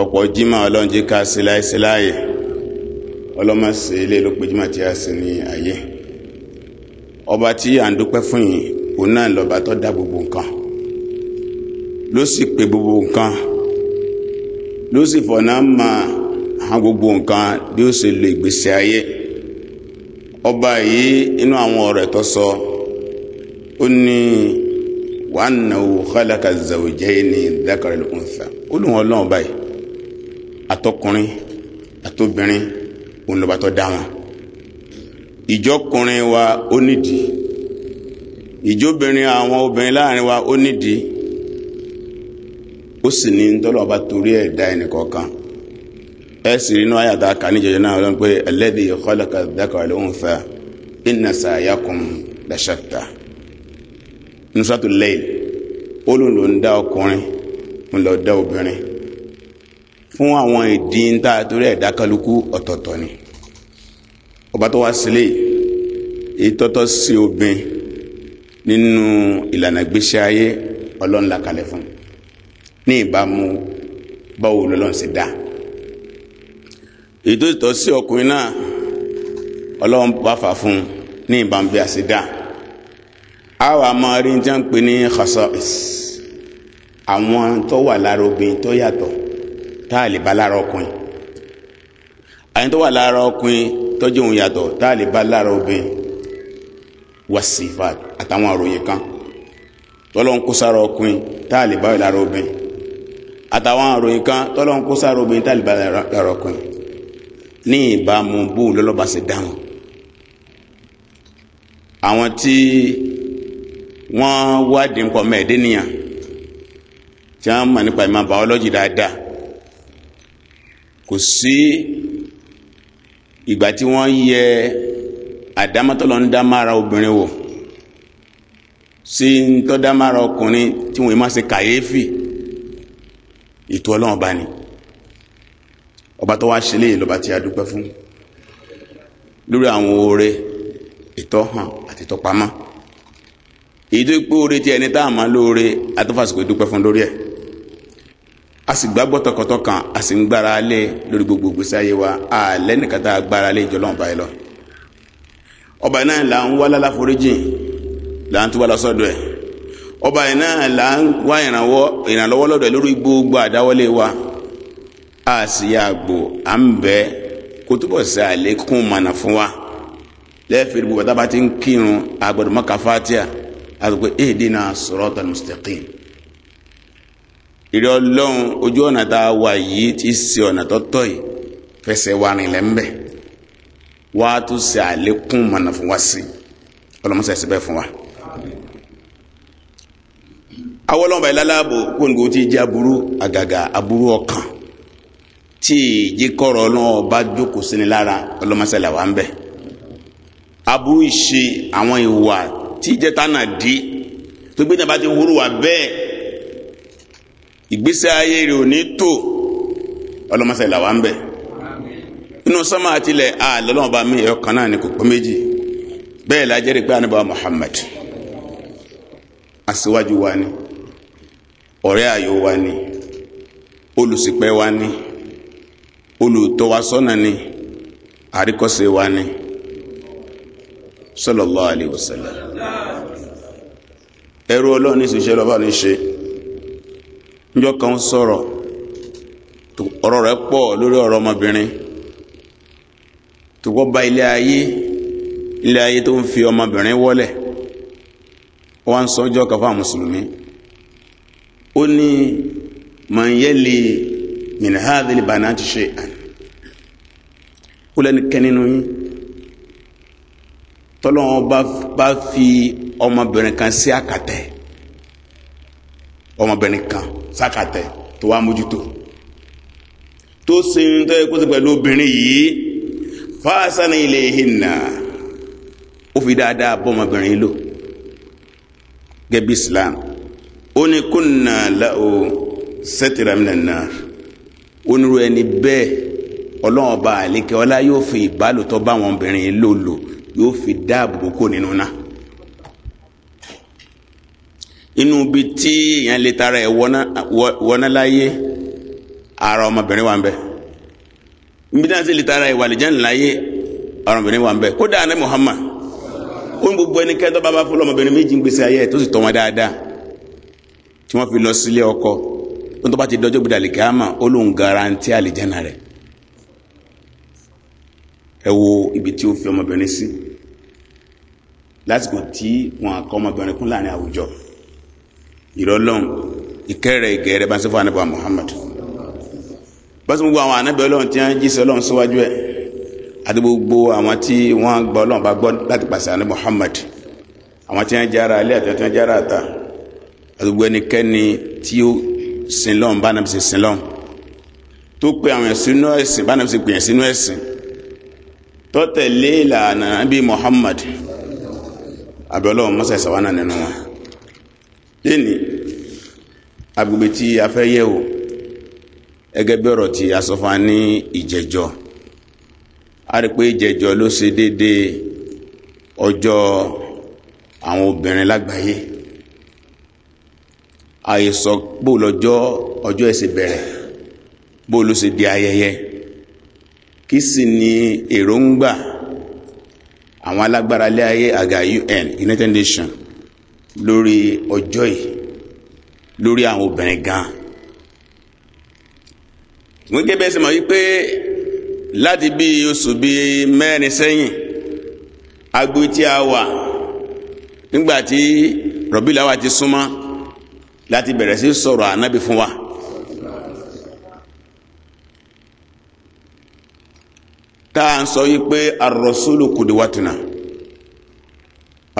ọ̀pọ̀ jimá ọlọ́njí ká sí láìsí láàyè ọlọ́mọ̀sí ilé ló pé jimá tí a sì ní ayé ọba tí à ń dúpẹ́ fún yìí òun náà lọ́ba tó dá gbogbo nǹkan ló sì pè gbogbo nǹkan ló sì fọ̀nà mà hàn gbogbo nǹkan bí ó ṣe lo ìgbésí ayé ọba yìí inú àwọn ọ̀rọ̀ tó sọ ó ní wa annahu khalaqa az-zawjayni adh-dhakara wal-untha ó lù wọ́n lọ́wọ́ báyìí àtọkùnrin àtobìnrin òun lọ́ba tó dá wọn ìjọkùnrin wa ó nídìí ìjóbìnrin àwọn obìnrin láàrin wa ó nídìí ó sì ní tọ́lọ́ba torí ẹ̀ dá ẹnìkọ̀ọ̀kan ẹ sì rí inú àyàtà kan níjọjọ náà lọ́nà pé alladhi khalaqa dhakara wal untha inna sa'yakum lashatta nusratu Layl ó lòun ń dá ọkùnrin ń lọ dá obìnrin fún àwọn ìdí tá a torí ẹ̀dá kálukú ọ̀tọ̀ọ̀tọ̀ ni ọba tó wá sílé ìtọ́tọ́ sí obìn nínú ìlànà gbèsè ayé ọlọ́run là kalẹ̀ fún ní ìbámu báwo lọ́lọ́run sì dá èyí tó tọ́ sí ọkùnrin náà ọlọ́run bá fà fún ní ìbámu bí a sì dá a wà máa rí ní ń pè ní khasa'is àwọn tó wà lára obìnrin tó yàtọ̀ tá a lè bá lára ọkùnrin àyìn tó wà lára ọkùnrin tọ́jú òun yàtọ̀ tá a lè bá lára obìnrin wàsífà àtàwọn àròyìn kan tọ́lọ́n kó sára ọkùnrin tá a lè bá lára obìnrin àtàwọn àròyìn kan tọ́lọ́n kó sára obìnrin tá a lè bá lára ọkùnrin ní ìbámu bóun lọ́lọ́ba ṣe dáhùn àwọn tí wọ́n wádìí nǹkan mẹ́ẹ̀ẹ́dẹ́nìyàn tí wọ́n mọ̀ nípa ìmọ̀ biology dáadáa kò sí ìgbà tí wọ́n yẹ àdámọ́tọ́lọ́ ń dá mára obìnrin wò sí ń tọ́ dá mára ọkùnrin tí wọ́n yìí máa ṣe kàyéfì ètò ọlọ́run bá ní ọba tó wá ṣe lè lọ́ba tí a dúpẹ́ fún lórí àwọn oore ìtọ́ hàn àti ìtọ́ èyí tó pé oore tí ẹni tá a máa lóore atọ́fàsìkò dúpẹ́ fún lórí ẹ̀ a sì gbàgbọ́ kan a sì ń gbára lórí gbogbo gbèsè wa a lẹ́nìkan tá a gbára lé jọlọ́n báyìí ọba náà là ń wá lálàforíjì là ń tún wá ọba náà là ń wá ìrànlọ́wọ́ lọ́dọ̀ lórí wa a si ya à ń bẹ́ kó túbọ̀ sí àlékún mana fún wa ń kírun àti pé ìrẹ ọlọ́run ojú ọ̀nà tá a wà yìí ti ṣe ọ̀nà tọ́tọ́ yìí fẹsẹ̀ wa rìnlẹ̀ ń bẹ̀ wá tó ṣe àlékún mọ̀nà fún wa sí ọlọ́mọṣẹ́ ṣe bẹ́ẹ̀ fún wa. awolowo ìlàlábò kóńgò ti jẹ́ aburú àgàgà aburú ọkàn tí ìjíkọ̀rọ̀ ọlọ́wọ́ bá jókòó sí ni lára ọlọ́mọṣẹ́ là wà ń bẹ̀. aburú ìṣe àwọn ìwà tí ìjẹta náà di tó gbé náà bá ti wúrú wa bẹ́ẹ̀ ìgbésí ayé rẹ̀ ò ní tó ọlọ́mọsẹ̀ ìlà wa ń bẹ̀ inú sọ́mà àtìlẹ̀ àlọ́lọ́wọ́ bá mi ẹ̀yọ náà ni kò pé méjì bẹ́ẹ̀ lájẹ́rìí pé àníbà Muhammad aṣíwájú wa ni ọ̀rẹ́ àyò wa ni olùṣìpẹ̀ wa ni olùtọ́ wa sọ́nà ni àríkọ́ṣe wa ni sallallahu alaihi wasallam ẹrú ọlọ́ọ̀ni ṣiṣẹ́ lọ́ba ní ṣe. njọ́ kan sọ̀rọ̀ ọ̀rọ̀ rẹ̀ pọ̀ lórí ọ̀rọ̀ ọmọbìnrin tó ilé ayé ilé ayé tó ń fi ọmọbìnrin wọ́lẹ̀ wọ́n ń sọ kan fáwọn mùsùlùmí ó ní man yali min hadhil banati shay'an ó lẹ́nikẹ́ fi sákàtẹ̀ tó wá mójútó tó ṣe ń tọ́ ẹkọ́ sí pẹ̀lú obìnrin yìí fásánà ilẹ̀ ìhìnà ó fi dáadáa bọ́mọbìnrin lò gẹ́bí Islam ó ní kúnnà láò sẹ́tìrà mìíràn náà onírú ẹni bẹ́ẹ̀ ọlọ́run ọba àlékè ọlá yóò fi ìbálòtọ́ báwọn obìnrin lò lò yóò fi dáàbò kó nínú náà inú bi tí èèyàn lè tara ẹ̀ wọ́ná láyé ara ọmọbìnrin wà ń bẹ níbi náà sì lè tara ẹ̀ wàlìjẹ́ ńláyé ara ọmọbìnrin wà ń bẹ kódà ní Muhammad ó ní gbogbo ẹni kẹ́tọ́ bá bá ọmọbìnrin méjì ń gbèsè ayé ẹ̀ tó sì tọ́ wọn dáadáa fi lọ sílé ọkọ tó ń bá ti dọ́jọ́ ibi tí ó ọmọbìnrin sí lásìkò tí wọn àkọ ọmọbìnrin kún láàrin ìrọlọ́n ìkẹrẹ ìkẹrẹ bá ń sọ fún anábọ̀ Muhammad bá sọ gbogbo àwọn anábẹ̀ ọlọ́run tí wọ́n jí sọ ọlọ́run síwájú ẹ̀ àti gbogbo àwọn tí wọ́n gba ọlọ́run bá gbọ́ láti pàṣẹ anábọ̀ Muhammad àwọn tí wọ́n jára alẹ́ àti tí wọ́n jára àta àti gbogbo ẹnikẹ́ni tí ó sin lọ́run bá nàbẹ̀sẹ̀ sin lọ́run tó pe àwọn sínú ẹ̀sìn bá nàbẹ̀sẹ̀ pè sínú ẹ̀sìn tó tẹ̀lé ìlànà bíi Muhammad àbẹ̀ọ́lọ́run mọ́sẹ̀ sàwánà nínú wọn lẹ́ni agbègbè tí a fẹ́ yẹ̀ wò gẹ́gẹ́ bí ọ̀rọ̀ tí a sọ fún wa ní ìjẹ́jọ́ a rí pé ìjẹ́jọ́ ló ṣe déédéé ọjọ́ àwọn obìnrin lágbàáyé àìsọ bó lọ́jọ́ ọjọ́ ẹ̀ ṣe bó ló ṣe di ayẹyẹ kí sì ni èròǹgbà àwọn alágbára lé ayé àga UN United Nations lórí ọjọ́ yìí lórí àwọn obìnrin gan gẹ́gẹ́ bẹ́ẹ̀ sì mọ̀ wípé láti bí oṣù bí mẹ́rin sẹ́yìn agbo tí a wà nígbà tí rọ̀bìlà wa ti súnmọ́ láti bẹ̀rẹ̀ sí sọ̀rọ̀ ànábì fún wa. tá à ń sọ wípé ar-rasul kùdìwàtúnà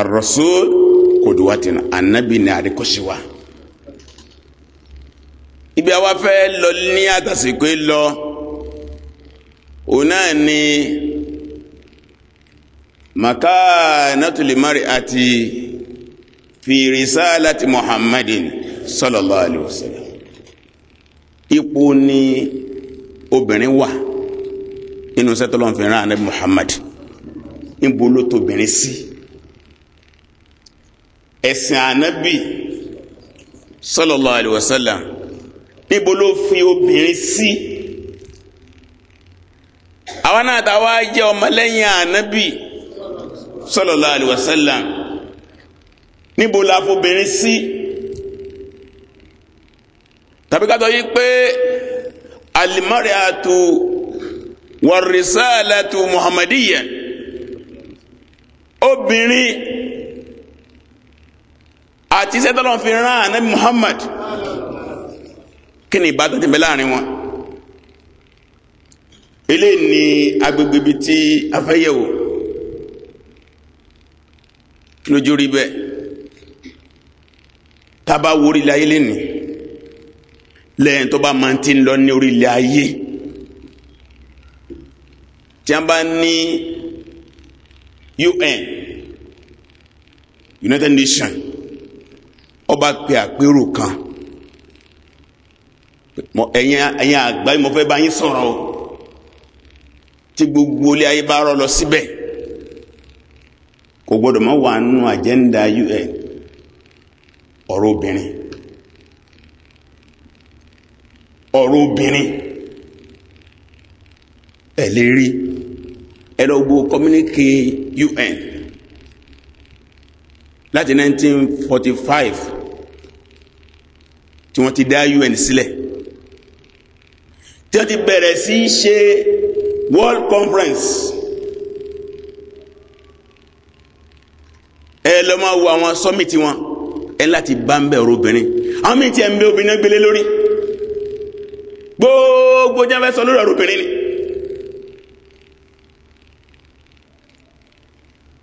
ar-rasul kòdùwàtìnà ànábì ní àríkọ́síwá ibi àwa fẹ́ lọ ní àtàsìkò lọ òun náà ni makanatul mar'ati fi risalati muhammadin sallallahu alaihi wasallam ipò ni obìnrin wà nínú sẹ́tọ́lọ́nfẹ̀ẹ́ràn anabi muhammad níbo ló tóbìnrin ẹ̀sìn ànábì sallallahu alaihi wasallam níbo ló fi obìnrin sí àwa náà tá a wá jẹ́ ọmọlẹ́yìn ànábì sallallahu alaihi wasallam níbo la fobìnrin sí tàbí ká tọ́ yí pé al-mar'atu war-risalatu muhammadiyyah obìnrin àti iṣẹ́ tọ́lọ́ fi rán anabi Muhammad kí ni ìbátan ti bẹ láàrin wọn eléyìí ni agbègbè ibi tí a fẹ́ yẹ̀wò lójú rí bẹ́ẹ̀ tá a bá ayé lẹ́nìí lẹ́yìn tó bá máa ti ń lọ ní orílẹ̀ ayé tí a bá ní UN United Nations ọba pe àpérò kan ẹ̀yin àgbà àgbáyé mo fẹ́ bá yín sọ̀rọ̀ o tí gbogbo ilé ayé bá rọ lọ síbẹ̀ kò gbọdọ̀ mọ́ wà nínú àjẹ́ndà UN ọ̀rọ̀ obìnrin ọ̀rọ̀ obìnrin ẹ̀ lè rí ẹ lọ gbọ́ communique UN láti 1945 tí wọ́n ti dá UN sílẹ̀ tí wọ́n ti bẹ̀rẹ̀ sí ṣe World Conference ẹ lọ máa wo àwọn summit wọn ẹ láti bá ń bẹ̀ ọ̀rọ̀ obìnrin àwọn míì tí ẹ ń bẹ obìnrin gbélé lórí gbogbo jẹ́fẹ́ sọ lórí ọ̀rọ̀ obìnrin ni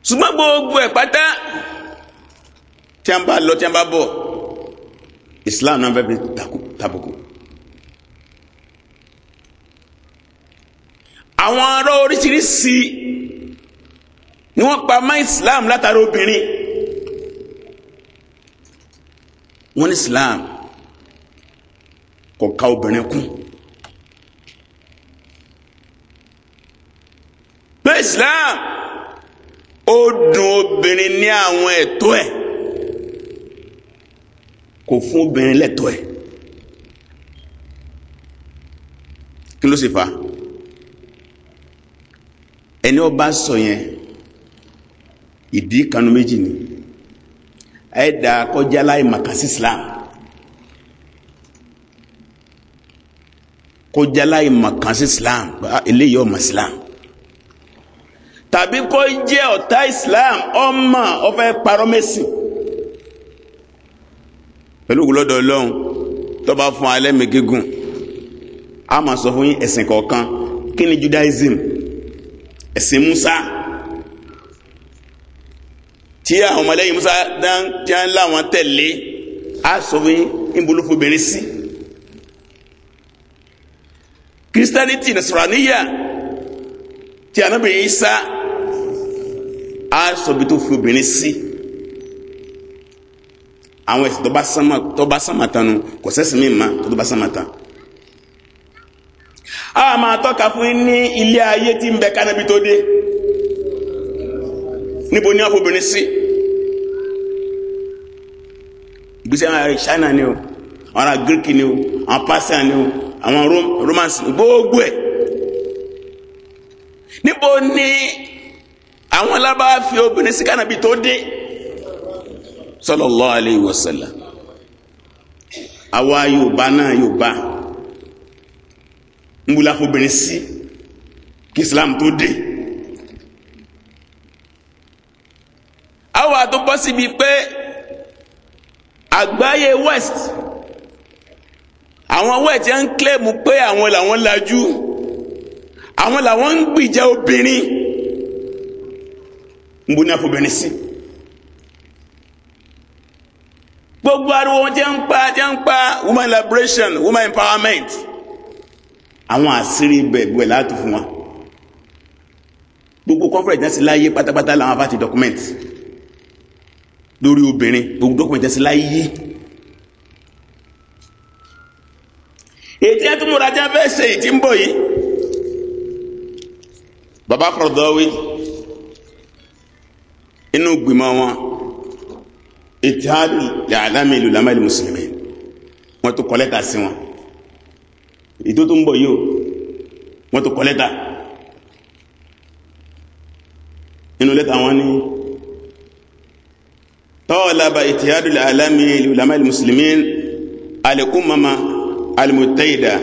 ṣùgbọ́n gbogbo ẹ̀ pátá tí a ń bá lọ tí a ń bá bọ̀ islam náà fẹ́ fi tàbùkù àwọn ará oríṣiríṣi ni wọ́n pa má islam látara obìnrin wọ́n ní islam kò ka obìnrin kún pé islam ó dùn obìnrin ní àwọn ẹ̀tọ́ ẹ̀. E kò fún obìnrin lẹ́tọ̀ọ́ ẹ̀ kí ló sì fa ẹni ọba sọ yẹn ìdí kanu méjì ni ẹ̀dà kọjá láì màkà sí Islam kọjá láì màkà sí Islam ah, eléyìí ọmọ Islam tàbí kó ọ̀tá Islam ọmọ ọfẹ́ parọ́ mẹ́sìn pẹ̀lú ògùlọ́dọ̀ ọlọ́run tó bá fún alẹ́ mi gígùn a máa sọ fún yín ẹ̀sìn kọ̀ọ̀kan kí ni Judaism ẹ̀sìn Musa tí àwọn ọmọlẹ́yìn Musa dán tí wọ́n láwọn tẹ̀lé a sọ fún yín ìbúlófobìnrin sí Christianity nasaraniya tí Ànábì Isa a sọ bí tó fi obìnrin sí. Si àwọn ẹ̀sìn tó bá sánmà tanu kò sẹ́sìn mí ma tó bá sánmà tan. a máa tọ́ka fún ní ilé ayé tí ń bẹ kánábí tó dé níbo ní àfọbìnrin sí ìgbésẹ̀ àwọn ará China ni o àwọn ará Greek ni o àwọn Persian ni o àwọn Romans gbogbo ẹ̀ níbo ni àwọn alábàáfi obìnrin sí kánábí tó dé sallallahu alayhi wa sallam àwa yorùbá náà yorùbá ń wúlá fóbìnrin sí kí islam tó dé àwa tó bọ́ síbi pé àgbáyé west àwọn west ń kílẹ̀mù pé àwọn làwọn lajú àwọn làwọn ń gbìjà obìnrin ń wúlá fóbìnrin sí. Si gbogbo ariwo wọn jẹ́ ń pa jẹ́ ń pa woman liberation woman empowerment àwọn àṣírí bẹ̀bù ẹ̀ láti fún wọn gbogbo conference jẹ́ sí láyé pátápátá làwọn afá ti document lórí obìnrin gbogbo document jẹ́ sí láyé ètí ẹtù múra jẹ́ fẹ́ ṣe ìtí ń bọ̀ yìí baba Qaradawi inú gbìmọ̀ wọn ìtìhádù làlámì ìlú lámà ìlú mùsùlùmí wọ́n tó kọ́ lẹ́tà sí wọn ìtò tó ń bọ̀ yìí wọ́n tó kọ́ lẹ́tà inú lẹ́tà wọn ni tọ́ọ̀lába ìtìhádù làlámì ìlú lámà ìlú mùsùlùmí alẹ́kùnmama alimutaida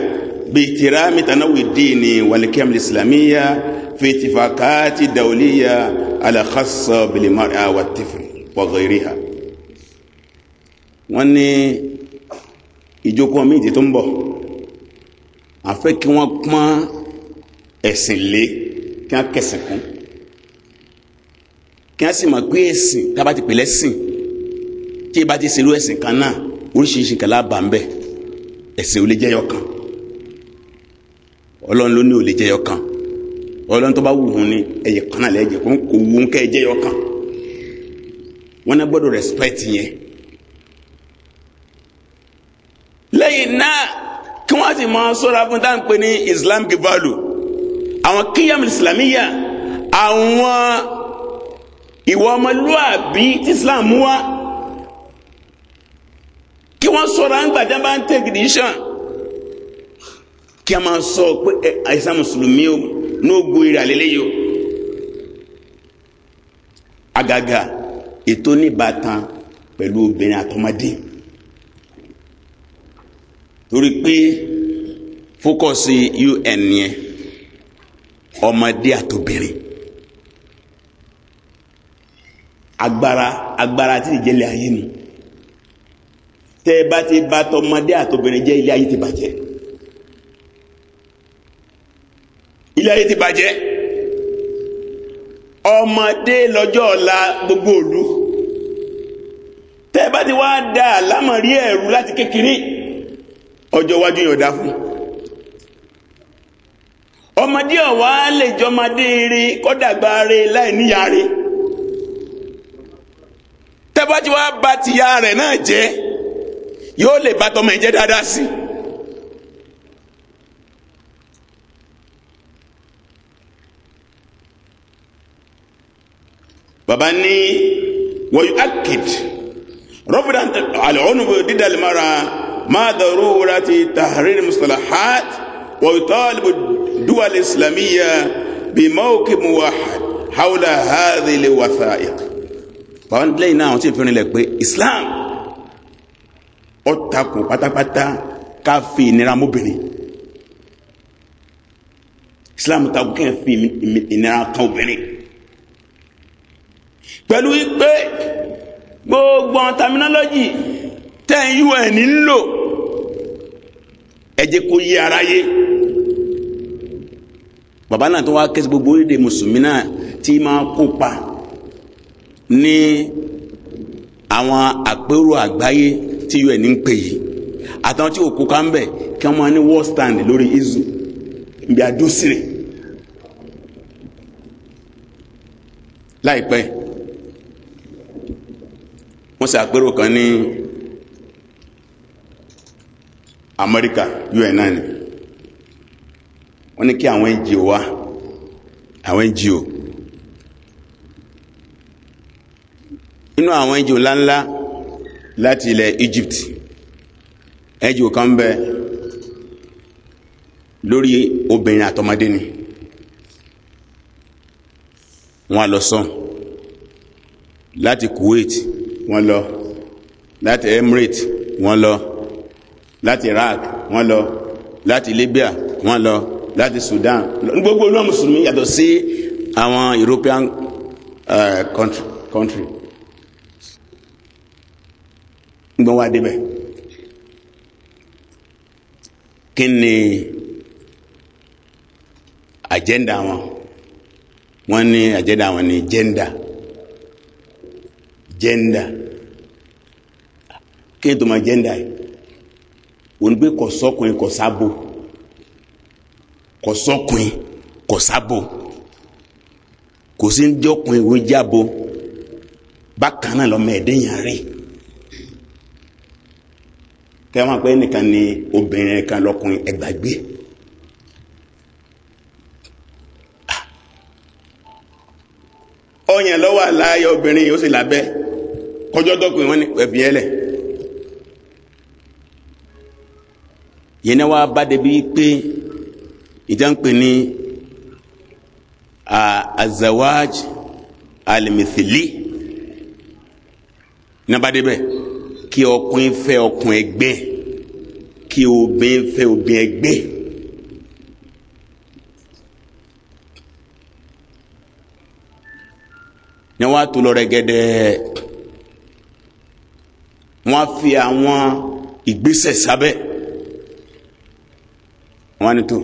باحترام تنوع الدين والقيم الإسلامية في اتفاقات دولية على خاصة بالمرأة والطفل وغيرها wọ́n ní ìjókòó méje tó ń bọ̀ àfẹ́ kí wọ́n pọ́n ẹ̀sìn lé kí wọ́n kẹsìn kún kí wọ́n sì mọ̀ pé ẹ̀sìn tá a bá ti pè lẹ́sìn tí ẹ bá ti ṣerú ẹ̀sìn kan náà oríṣiríṣi kan lábàá ń bẹ ẹ̀sìn ò lè jẹyọ kan ọlọ́run ló ní ò lè jẹyọ kan ọlọ́run tó bá wù wọn ni ẹ̀yẹ kan náà lẹ́jẹ̀ kó wù wọn kẹ́ ẹ jẹyọ kan wọn náà gbọ́dọ̀ respect yẹn lẹ́yìn náà kí wọ́n sì máa sọ́ra fún tá à ń pè ní islam kibalu àwọn kíyàmù islamiyà àwọn ìwà ọmọlúwàbí tí islam mú wá kí wọ́n sọ́ra ń gbàdá bá ń take decision kí a máa sọ pé àìsàn mùsùlùmí o n'ogo ìràlélẹ́ yìí o àgàgà ètò níbàtàn pẹ̀lú obìnrin àtọmọdé torí pé fókọ̀sì un yẹn ọmọdé àtòbìnrin agbára agbára tí ìjẹ́lẹ̀ ayé nu tẹ́ ẹ bá ti bá tọmọdé àtòbìnrin jẹ́ ilé ayé ti bàjẹ́ ilé ayé ti bàjẹ́ ọmọdé lọ́jọ́ ọ̀la gbogbo òlu tẹ́ ẹ bá ti wá dá àlámọ̀rí ẹ̀rú láti kékeré ọjọ́ iwájú yóò dá fún ọmọdé ọ̀wá lè jọmọdé rí kọ́dàgbà rí láì rí tẹ́bájú wa bá tìyá rẹ̀ náà jẹ́ yóò lè bá tọmọ ẹ̀ jẹ́ dáadáa sí baba ni wọ́n yóò akid rọ́bìdà àlọ́ ọ̀nà dídàlẹ́ mara. مع ضرورة تحرير المصطلحات ويطالب الدول الإسلامية بموقف موحد حول هذه الوثائق wọ́n lẹ́yìn náà wọ́n ti fi rinlẹ̀ pé Islam ó takò pátápátá ká fi ìnira mọ́bìnrin Islam takò kí n fi ìnira kan obìnrin pẹ̀lú pé gbogbo terminology tẹ́ un ń lò ẹ jẹ́ kó yé aráyé bàbá náà tó wá kẹ́sì gbogbo orílẹ̀ mùsùlùmí náà tí máa kópa ní àwọn àpérò àgbáyé tí un ń pè yìí àtàwọn tí òkú ká ń bẹ̀ ní wall stand lórí izu ibi àdúsírè láìpẹ́ wọ́n àpérò kan ní. amẹ́ríkà un náà ni wọ́n ní kí àwọn ngo wá àwọn ngo nínú àwọn ngo ńláńlá láti ilẹ̀ Egypt ngo kan bẹ lórí obìnrin àtọmọdé ni wọ́n lọ sàn láti Kuwait wọ́n lọ láti Emirate wọ́n lọ láti Iraq wọ́n lọ láti Libya wọ́n lọ láti Sudan gbogbo olú mùsùlùmí yàtọ̀ sí àwọn European uh, country. country. gbọ́n wá débẹ̀ kí ni agenda wọn wọ́n ní agenda wọn ní gender gender kí ni tó máa gender yìí òun pé kò sọkùnrin kò sábò kò sọkùnrin kò sábò kò sí ń jọkùnrin òun jábo bákan náà lọmọ ẹdẹyàn rí kẹwọn pé nìkan ni obìnrin kan lọkùnrin ẹgbàgbé ọyàn lọ́wọ́ àlàyé obìnrin yìí ó sì lábẹ́ kọjọ́ dọ́kùnrin wọn ni ẹ̀bí ẹlẹ̀. yẹn náà wàá bá débi pé ìjànpè ní azawaj alimithili náà bá débẹ̀ kí ọkùnrin fẹ́ ọkùnrin ẹgbẹ́ kí obìnrin fẹ́ obìnrin ẹgbẹ́. ni wọn tó lọ rẹgẹdẹ wọn fi àwọn ìgbésẹ̀ sábẹ́ wọ́n ní tó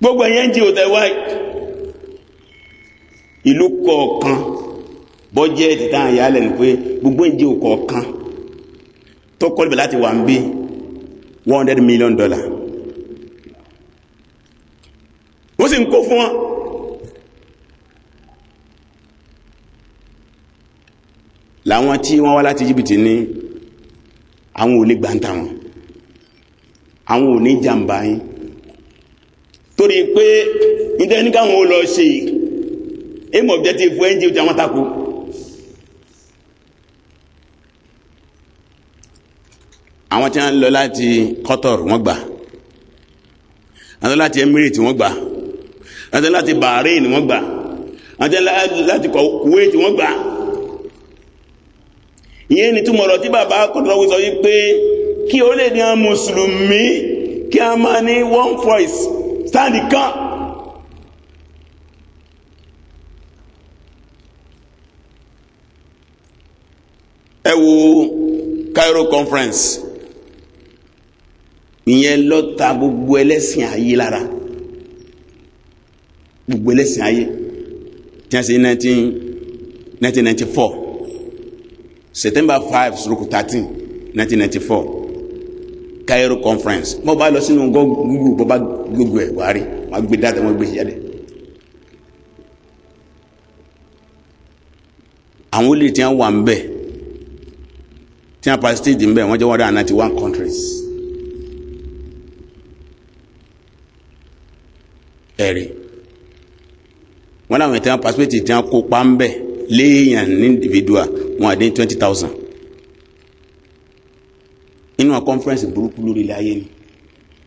gbogbo ẹ̀yẹ́ ń jẹ́ òtẹ́ wáyé ìlú kọ̀ọ̀kan bọ́jẹ́ẹ̀tì táwọn ìyálẹ̀ ní pé gbogbo ń jẹ́ òkọ̀ọ̀kan tó kọ́lùbẹ̀ láti wà ń bí one hundred million dollar wọ́n sì ń kó fún wọn làwọn tí wọ́n wá láti jìbìtì ní àwọn ò gbàǹtà wọn àwọn ò ní jàǹbá yín torí pé nítorí ní káwọn ò lọ ṣe aim objective fún ẹnjẹ àwọn tako àwọn tí wọ́n lọ láti Qatar wọ́n gbà àwọn láti Emirates wọ́n gbà àwọn láti Bahrain wọ́n gbà àwọn láti Kuwait wọ́n gbà ìyẹn ni túmọ̀ ọ̀rọ̀ tí bàbá kọ́tọ̀rọ̀ sọ yí pé kí orílẹ̀-èdè àwọn mùsùlùmí kí a máa ní one voice stand kan ẹ wo Cairo conference ìyẹn ló ta gbogbo ẹlẹ́sìn ayé lára gbogbo ẹlẹ́sìn ayé tí a ṣe nineteen nineteen September 5 stroke thirteen nineteen ninety Cairo conference mo bá lọ sínú google bó bá gbogbo ẹ wá rí wọn gbé dáadáa wọn gbé jáde. àwọn olè tí wọn wà ń bẹ tí wọn pa stage ń bẹ wọn jẹ one hundred ninety one countries. ẹ̀rí wọn làwọn ìtàn passport ìtàn kópa ń bẹ léèyàn ní individual wọn àdé twenty thousand nínú conference burúkú lórí ilẹ̀ ayé ni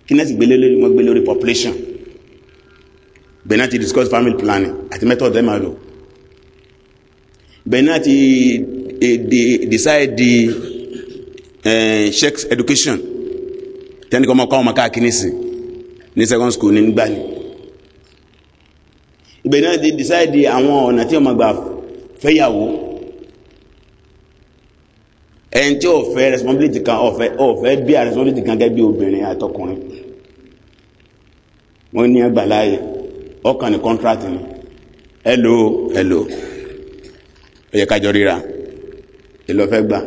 kí náà sì gbélé lórí wọn gbé lórí population bẹ̀rẹ̀ náà ti discuss family planning àti method ẹ̀ máa lò bẹ̀rẹ̀ náà ti eh, decide the eh, sex education tẹ́ni kọ́ ọmọ kọ́ ọmọ káàkiri sí ní second school ní gbà ní bẹ̀rẹ̀ náà ti decide àwọn ọ̀nà tí ọmọ gbà fẹ́yàwó ẹni tí ọ̀fẹ́ responsibility kan ofe ọ̀fẹ́ a responsibility kan gẹ́gẹ́ obìnrin àtọkùnrin wọ́n ní ẹgbà ọkàn ní contract ni hello hello ó yẹ kájọ ríra ìlọ́fẹ́ gbà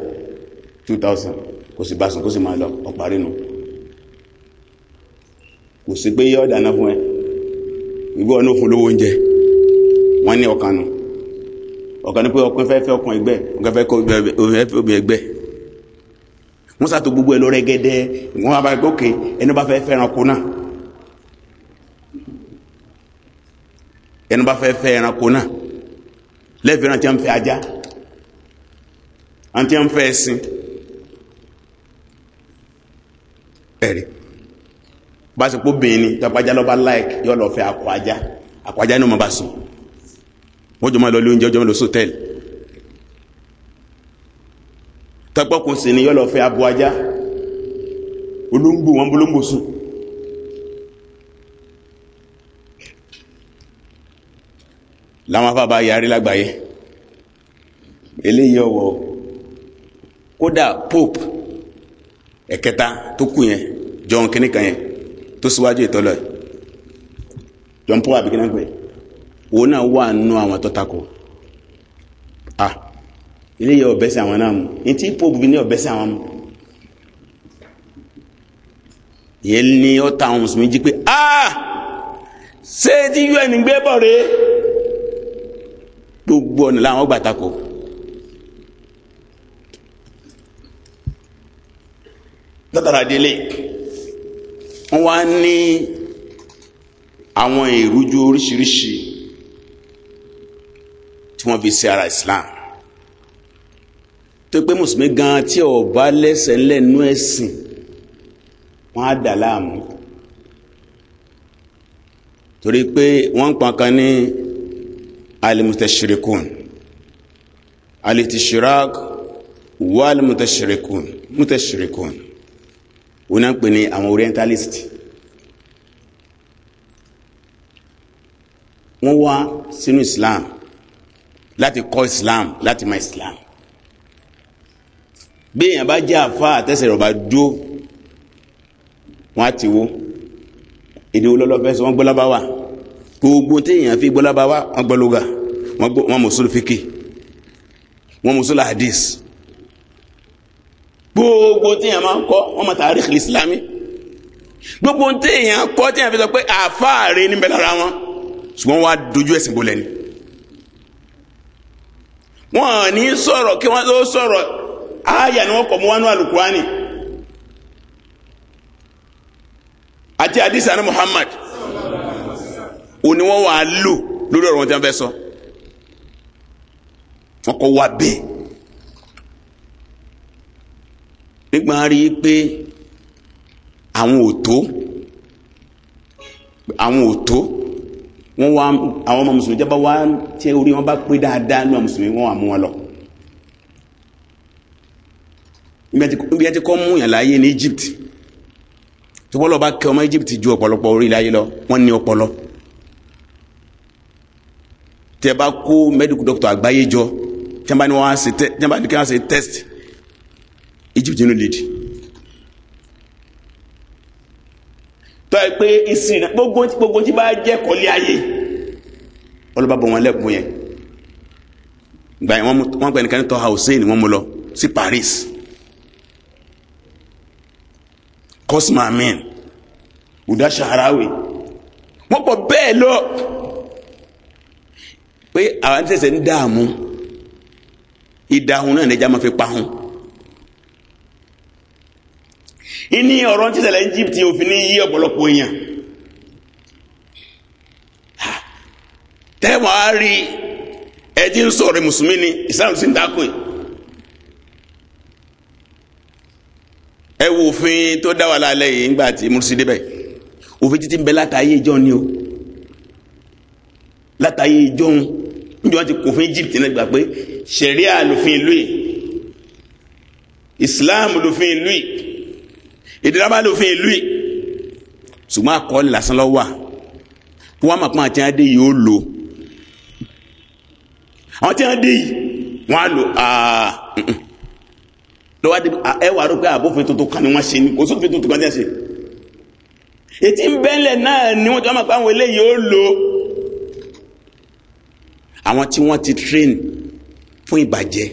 2000 kò sì bá sùn kó sì máa lọ ọ̀parí nù kò sí pé yọ́ dáná fún ẹ ìgbé ọ̀nà òfin lówó oúnjẹ wọ́n ní ọkàn nù ọkàn ní pé ọkùnrin fẹ́ fẹ́ ọkùnrin ọkùnrin fẹ́ obìnrin wọ́n sàtò gbogbo ẹ̀ lọ rẹ́gẹ́dẹ́ wọ́n bá gòkè ẹni bá fẹ́ fẹ́ràn kuna. náà ẹni bá fẹ́ fẹ́ràn kó náà lẹ́fẹ̀ẹ́ àti àǹfẹ́ ajá àti àǹfẹ́ ẹ̀sìn ẹ̀rí bá a sọ pé obìnrin ni tọpajá lọ́ba láìkì yọ lọ fẹ́ akọ ajá akọ ajá ni wọ́n bá sùn wọ́n jọ máa lọ ilé oúnjẹ ọjọ́ máa lọ sọ́tẹ́ẹ̀lì tọ́pọ́kùn sí ni yọ́lọ̀ fẹ́ abo ajá olóńgbò wọn bolóńgbò sùn láwọn afábá yarí lágbàáyé eléyìí ọwọ́ kódà pope ẹ̀kẹta tó kù yẹn John kìnnìkan yẹn tó síwájú ìtọ́lọ̀ John paul abikinagbe òun náà wà nù àwọn tọ́takọ̀ọ́ ilé yẹ ọ̀bẹ́ sí àwọn náà mú ní tí pope ní ọ̀bẹ́ sí àwọn mú ìyẹn ní ọ̀tá àwọn mùsùlùmí jí pé ah ṣé tí un gbé bọ̀ rè gbogbo ọ̀nà làwọn gbà takò látara délé wọ́n wá ní àwọn èrújú oríṣiríṣi tí wọ́n fi ṣe ara Islam tó pé mùsùlùmí gan tí ò bá lẹ́sẹ̀ lẹ́nu ẹ̀sìn wọ́n á dà láàmú torí pé wọ́n ń kan ní alimutashirikun alitishirak wà alimutashirikun mutashirikun wọ́n náà ń pè ní àwọn orientalist wọ́n wá sínú islam láti kọ́ islam láti mọ̀ islam béèyàn bá jẹ́ àfa àtẹ́sẹ̀ rẹ̀ bá dúó wọ́n á ti wo èdè olólọ́fẹ́ sọ wọ́n gbọ́ lábáwá gbogbo téèyàn fi gbọ́ lábáwá wọ́n gbọ́ lóga wọ́n mùsùlù fíkì wọ́n mùsùlù hadith gbogbo téèyàn máa ń kọ́ wọ́n mọ̀ tàríkì ìsìlámì gbogbo téèyàn kọ́ téèyàn fi sọ pé àfa rẹ̀ níbẹ̀ lára wọn ṣùgbọ́n wọ́n á dojú ẹ̀sìn bolẹ̀ ni wọ́n ní sọ̀rọ̀ kí wọ́n tó sọ̀rọ̀ ááyà ni wọ́n kọ̀ mọ́ wánú alukurani àti hadisi àná Muhammad ò ní wọ́n wà á lò lórí ọ̀rọ̀ wọn tí wọ́n fẹ́ sọ wọ́n kọ́ wá bẹ́ẹ̀ nígbà rí i pé àwọn ò àwọn ò tó wá àwọn ọmọ mùsùlùmí jábá wá tí orí wọn bá pé dáadáa ní ọmọ mùsùlùmí wọ́n wà mú wọn lọ níbi ẹ ti kọ́ mú yàn láàyè ní Egypt tó bọ́lá ọba kẹ ọmọ Egypt ju ọ̀pọ̀lọpọ̀ orí láyé lọ wọ́n ní ọpọlọ tẹ bá kó medical doctor àgbáyé jọ tẹ bá ní wọn á ṣe tẹ tẹ bá ní kí wọn á ṣe test Egypt nínú lèdì tọ́ ẹ pé ìsìn gbogbo gbogbo tí bá jẹ́ kọ́lé ayé ọlọ́ba bọ̀ wọn lẹ́bùn yẹn gbà yẹn wọ́n pẹ̀ nìkan ní tọ́ Hussein wọ́n mú lọ sí Paris. kọ́sìmọ̀ amin buda saharawi wọ́n pọ̀ bẹ́ẹ̀ lọ pé àwọn tẹ̀sẹ̀ ń dààmú ìdáhùn náà nẹja máa fi pahùn ìní ọ̀rọ̀ títẹ̀lẹ̀ Egypt òfin ní yí ọ̀pọ̀lọpọ̀ èèyàn tẹ́wọ̀n á rí ẹ sọ̀rọ̀ mùsùlùmí ni Islam sì ń dákùn yìí. ẹ wo òfin tó dá wà lálẹ́ yìí ńgbà tí mursi débẹ̀ òfin títí ń bẹ látàáyé ìjọ ni o látàáyé ìjọ ń níjọ ti kò fún Egypt náà gbà pé ṣẹ̀ríà lòfin ìlú yìí Islam lòfin ìlú yìí ìdílábà lòfin ìlú yìí ṣùgbọ́n àkọọ́lẹ̀ lásán lọ wà kó wọ́n máa pọ́n àti adé yìí ó lò àwọn tí wọ́n yìí wọ́n á lò áá lọ́wọ́ di ẹwà rò pé àbófin tuntun kan ni wọ́n ṣe ni kò sófin tuntun kan ní ẹ̀ṣẹ̀ ètí ń bẹ́lẹ̀ náà ni wọ́n ti máa pa àwọn eléyìí ó lo àwọn tí wọ́n ti train fún ìbàjẹ́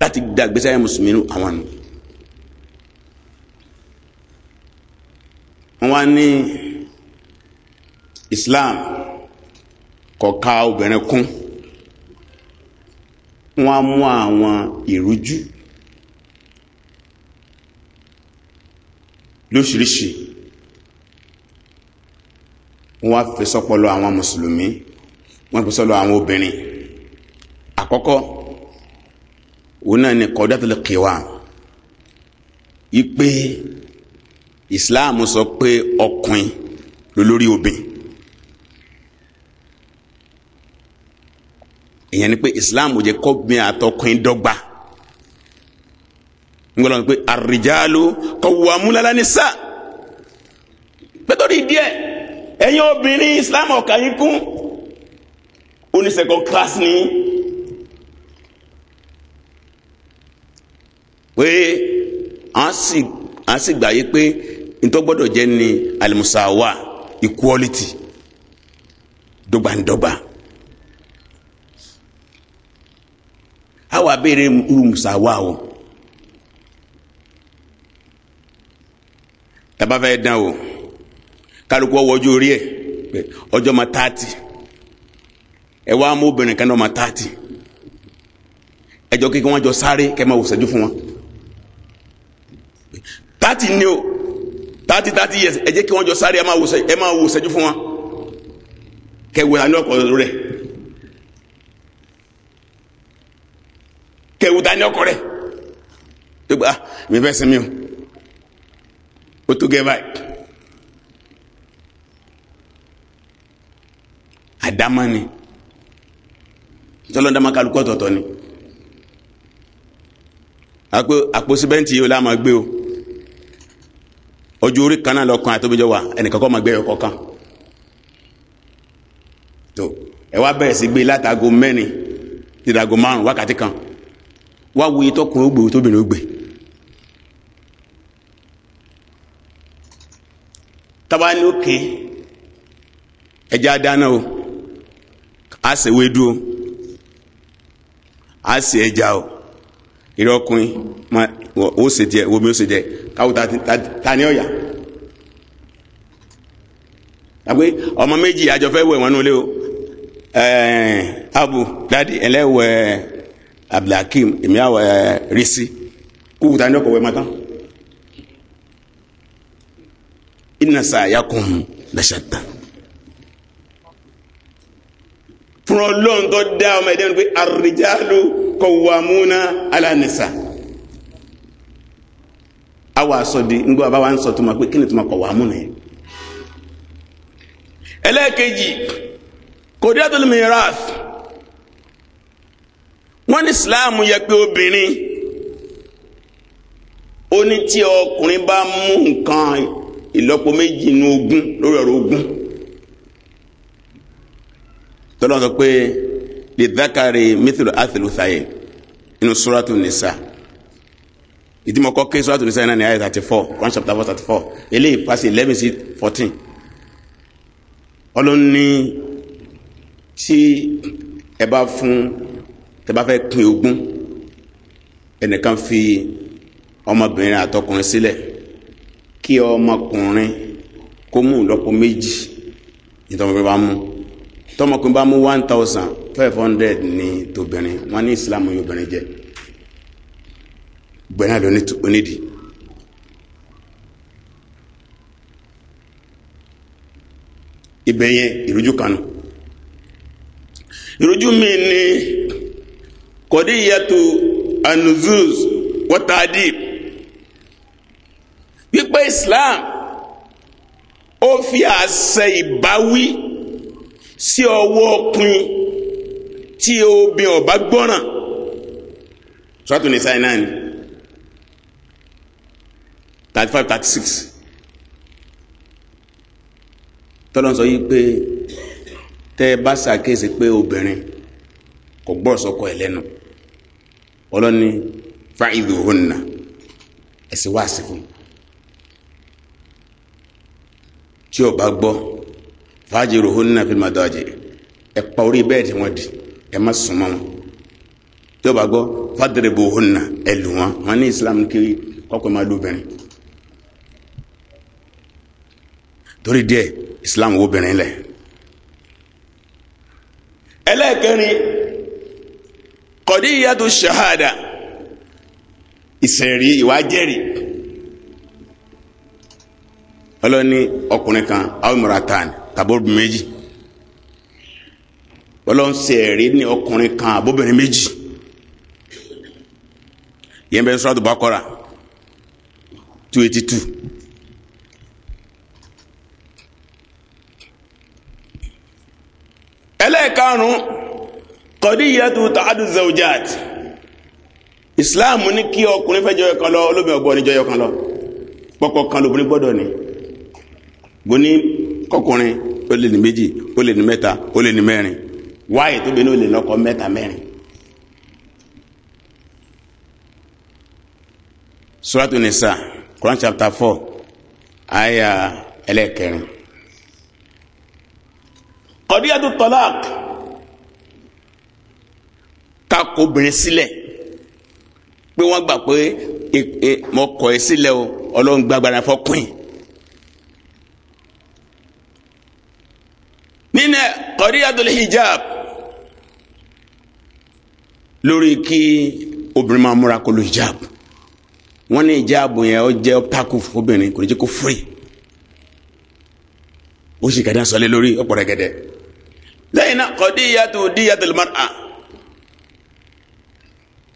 láti dàgbésí ayé mùsùlùmí àwọn nù wọ́n ní Islam kò obìnrin kún wọ́n á mú àwọn ìrújú lóṣìíríṣìí wọ́n á fi sọ́pọlọ àwọn mùsùlùmí wọ́n fi sọ́pọlọ àwọn obìnrin àkọ́kọ́ òun náà ni kọ́dátìlẹ̀ kẹwà yí pé Islam sọ pé ọkùnrin lólórí obìnrin ìyẹn ni pé islam jẹ́ kọbìn àtọkùnrin dọ́gba ngọlọ ni pé àrìjálù kọwàmúlálá ní sá pẹtọrí díẹ̀ ẹ̀yin obìnrin islam ọkà yín kún oníṣẹkọ kílásì ni pé à ń sì gbàyé pé ntọ́gbọ́dọ̀ jẹ́ ni alimusawa equality dọ́gbandọ́gba. á wà béèrè irú mùsàwá o tàbá fẹ́ dán o kálukú ọwọ́jú orí ẹ̀ pé ọjọ́ ma táàtì ẹ wá mú obìnrin kan náà ma táàtì ẹjọ́ kíkẹ́ wọn jọ sáré kẹ́ máa wòsànjú fún wọn táàtì ni o táàtì táàtì yẹ ẹ jẹ́ kí wọ́n sáré ẹ máa wòsànjú fún wọn kẹ́ wẹ̀ alẹ́ ọkọ̀ ní ọkọ rẹ̀ tó gba mi fẹ́ sinmi o ó tó gẹ́ báyìí àdámá ni tọ́lọ́dámá kálukú ọ̀tọ̀ọ̀tọ̀ ni àpò àpò síbẹ̀ǹtì yìí ó láàmú gbé o ojú orí kan náà lọkàn àtòbíjọ wà ẹnìkan kọ́ máa gbé ọkọ̀ kan tó ẹ wá bẹ̀rẹ̀ sí gbé látago mẹ́rin dídago márùn wákàtí kan wá wo ìtọ́kùnrin ògbè tóbìnrin ògbè tàbá ní òkè ẹjá dáná o a sì wédú o a sì ẹja o ìrẹ́ ọkùnrin ó sì jẹ omi ó sì jẹ káwọ́ ta ní ọ̀yà àgbé ọmọ méjì àjọfẹ́ wẹ̀ wọ́n nulẹ̀ o abu dadi ẹlẹ́wẹ̀ẹ́ abdulhakeem èmi àwọ̀ ẹ̀ risi kúkú tá a ní ọkọ̀ wẹ̀ máa tán. inna sa'yakum la shatta. fún ọlọ́run tó dá ọmọ ẹ̀dá ni pé ar-rijalu qawwamuna 'ala an-nisa. àwa sọ di ngbọ́ bàbá wa ń sọ tó ma pé kí ni tó ma qawwamuna yẹn. ẹlẹ́ẹ̀kejì kòdíyàtò lè mìíràn wọ́n ní islam yẹ pé obìnrin ó ní tí ọkùnrin bá mú nǹkan ìlọ́po méjì nu ogún lórí ọ̀rọ̀ ogún tọ́lọ́ sọ pé lè dákàrè mithlu athilu thaye inú suratu nisa ìdí mọ̀ kọ́ ké suratu nisa náà ní ayé thirty four one chapter four thirty four eléyìí pass eleven sí fourteen ọlọ́ni tí ẹ bá fún tẹ́ bá fẹ́ pín ogún ẹnìkan fi ọmọbìnrin àtọkùnrin sílẹ̀ kí ọmọkùnrin kó mú ìlọ́po méjì ní tọmọkùnrin bá mú tọmọkùnrin bá mú one thousand five hundred ní tobìnrin wọn ní ìsìlámù yóò bìnrin jẹ gbẹ̀rẹ̀ lọ onídìí. ibẹ̀ yẹn ìrújú kanu ìrújú mi ni kọ̀díyàtò anuzuz wọ́tàdìb wípé Islam ó fi àṣẹ ìbáwí sí ọwọ́ pin tí obìn ọba gbọ́ràn sọ́tún ní sáyẹn náà ni thirty five thirty six tọ́lọ́n sọ yí pé tẹ́ ẹ bá ṣàkíyèsí pé obìnrin kò gbọ́ sọ́kọ ẹ̀ lẹ́nu ọlọ́ni fáìdù hùnà ẹ̀sìn wá sí fún tí o bá gbọ́ fàájìrò hùnà fil madaji ẹ pa orí bẹ́ẹ̀dì wọn di ẹ má sùn wọn tí o bá gbọ́ fàdèrèbò hùnà ẹ lù wọn wọn ní Islam kiri kọ́kọ́ máa lù obìnrin torí díẹ̀ Islam wo obìnrin lẹ̀ ẹlẹ́ẹ̀kẹrin. kọ̀díyàtú ṣahada ìsẹ̀rí ìwájẹ́rì ọlọ́ni ọkùnrin kan awimuratan tàbóbi méjì ọlọ́n sẹ̀rí ọkùnrin kan àbóbìnrin méjì yẹn bẹ sọ́dọ̀ bákọ́ra two eighty two. qadiyatu ta'addu zawjat islam ní kí ọkùnrin fẹ́ jọyọ̀ kan lọ olóbìnrin ọgbọ́n ní jọyọ̀ kan lọ pọ̀pọ̀ kan lóbìnrin gbọ́dọ̀ ni bó ní kọkùnrin ó lè ní méjì ó lè ní mẹ́ta ó lè ní mẹ́rin wáyé tóbi ní ó lè lọ́kọ mẹ́ta mẹ́rin suratu nisa quran chapter four aya ẹlẹ́kẹrin qadiyatu talaq tako obìnrin sílẹ̀ pé wọ́n gbà pé e, e, mo kọ̀ ẹ́ sílẹ̀ o ọlọ́run gbàgbára fọkùnrin. nínú qadiyatul hijab lórí kí obìnrin máa múra kó lo hijab wọ́n ní hijab yẹn ó jẹ́ pákó obìnrin kò ní jẹ́ kó fúri ó sì kàdá sọlé lórí ọ̀pọ̀ rẹ̀ gẹ̀dẹ̀ lẹ́yìn náà qadiyatul diyatul mar'a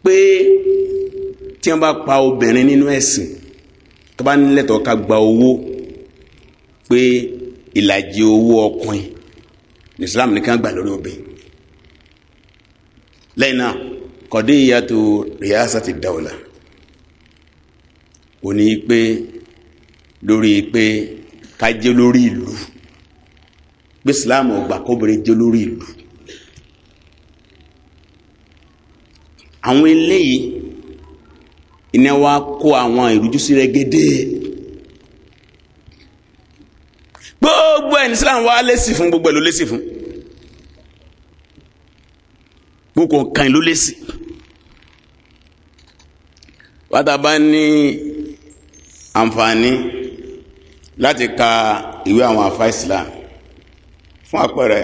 pé tí wọ́n bá pa obìnrin nínú ẹ̀sìn tó bá nílẹ̀tọ̀ ká gba owó pé ìlàjì owó ọkùnrin ní Islam nìkan gbà lórí obìnrin lẹ́yìn náà kọ̀dé ìyàtò rìásà ti dáwọ́là kò ní pé lórí pé ká jẹ́ lórí ìlú pé Islam ò kóbìnrin jẹ́ lórí ìlú àwọn eléyìí iná wa kó àwọn ìrújú sí rẹ́gẹ́dẹ́ gbogbo ẹ̀ ní Islam wa lẹ́sì fún gbogbo ẹ̀ ló lẹ́sì fún gbogbo kan ló lẹ́sì wàtà bá ní àǹfààní láti ka ìwé àwọn àfa Islam fún àpẹẹrẹ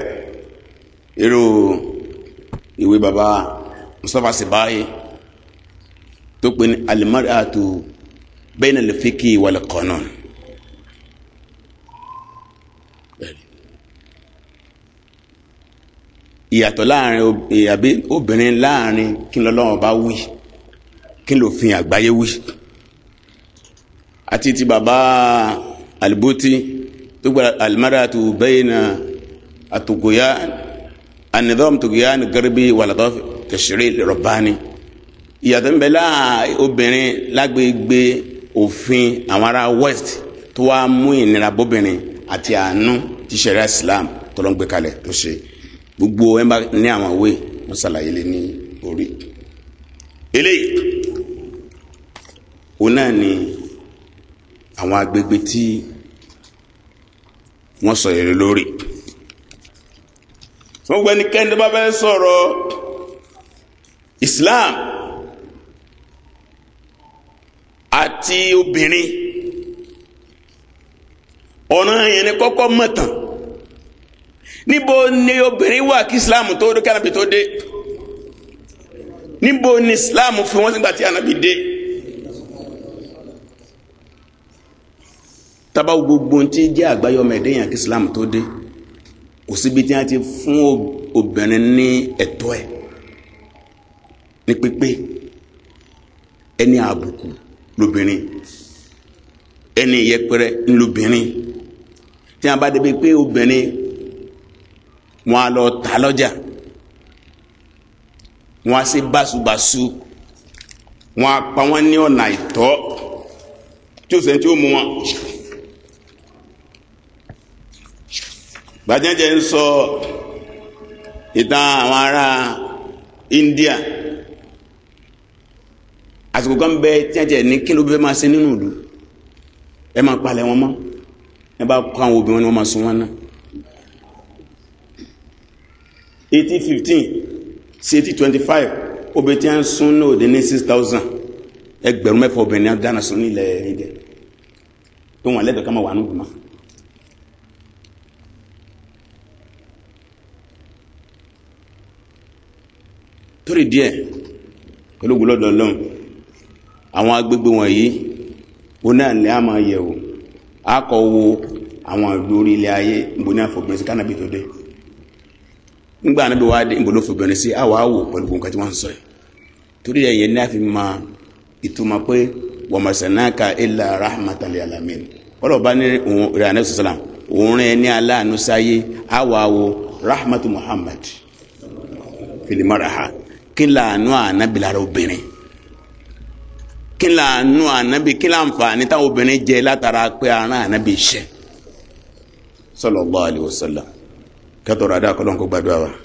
irú ìwé bàbá wa mustapha sibaye tó pe ní alimaratu bayna al-fiqhi wal-qanun ìyàtọ̀ láàrin àbí obìnrin láàrin kí lọ́lọ́run bá wí kí lòfin àgbáyé wí àti ti bàbá alibuti tó gba alimaratu bayna àtògóyá anidọ́m tògóyá ní gẹ́rẹ́bí wàlàdọ́fẹ́ tẹ̀sírí rọ̀bánì ìyàtọ̀ ń bẹ láà obìnrin lágbègbè òfin àwọn ará west tó wá mú ìnira bóbìnrin àti àánú ti ṣẹ̀ríà islam tọ́lọ́ngbé kalẹ̀ tó ṣe gbogbo ẹ̀ bá ní àwọn òwe wọ́n ṣàlàyé lé ní orí. eléyìí òun náà ni àwọn agbègbè tí wọ́n sọ èrè lórí. wọ́n gbẹ́ni kẹ́ni bá fẹ́ sọ̀rọ̀. Islam àti obìnrin ọ̀nà yẹn ni kọ́kọ́ mọ̀tàn níbo ni obìnrin wà kí Islam tó dé kí tó dé níbo ni Islam fi wọ́n sígbà tí Ànábì dé tábà gbogbo tí jẹ́ àgbáyọmẹ̀dẹ́yàn kí Islam tó dé kò síbi tí wọ́n ti fún obìnrin ní ẹ̀tọ́ ẹ̀ ní pípé ẹni àbùkù lóbìnrin ẹni ìyẹpẹrẹ ńlóbìnrin tí a bá débi pé obìnrin wọn a lọ tà lọ́jà wọn a ṣe báṣubàṣu wọn a pa wọn ní ọ̀nà ìtọ́ tí o sẹ́ni tí ó mú wọn. gbajẹ́jẹ́ ń sọ ìtàn àwọn ará India àsìkò kan bẹ tíyànjẹ ní kí ló bẹ máa ṣe nínú ìlú ẹ máa palẹ̀ wọn mọ́ ẹ bá kọ àwọn obìnrin ni wọ́n máa sun wọn náà eighteen fifteen sí eighteen twenty five obìnrin tí wọ́n sun náà òde ní six thousand ẹgbẹ̀rún mẹ́fà obìnrin náà dana sun nílẹ̀ ìdẹ pé wọn lẹ́bẹ̀ẹ́ ká máa wà nù gbọmọ. torí díẹ̀ pẹ̀lú gbọlọdọ lọhùnún. àwọn agbègbè wọ̀nyí ó náà ní a máa yẹ̀wò a kọ wo àwọn ìlú orí ayé níbo ní sí kánábì tó dé nígbà anábì sí àwọn tí sọ yìí torí ní ìtumọ̀ pé wa masanaka illa alamin bá ní òun rẹ̀ àná sọ̀sọ̀lá òun ní aláàánú sáyé kí la nu ànábì kí la nfààní táwọn obìnrin jẹ látara pé aràn ànábì iṣẹ́ sallallahu alaihi wasallam kẹtọrọ adá kọlọńkọ gbàdúrà wa.